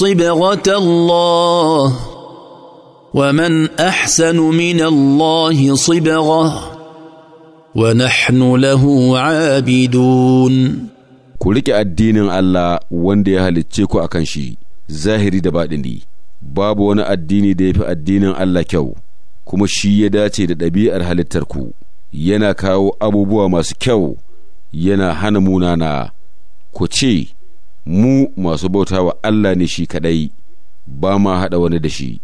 صبغه الله ومن احسن من الله صبغه ونحن له عابدون ku riƙe addinin Allah wanda ya halicce ku kan shi zahiri da baɗini babu wani addini da ya fi addinin Allah kyau kuma shi ya dace da ɗabi'ar halittarku yana kawo abubuwa masu kyau yana hana munana ku ce mu masu bauta wa Allah ne shi kadai ba ma hada wani da shi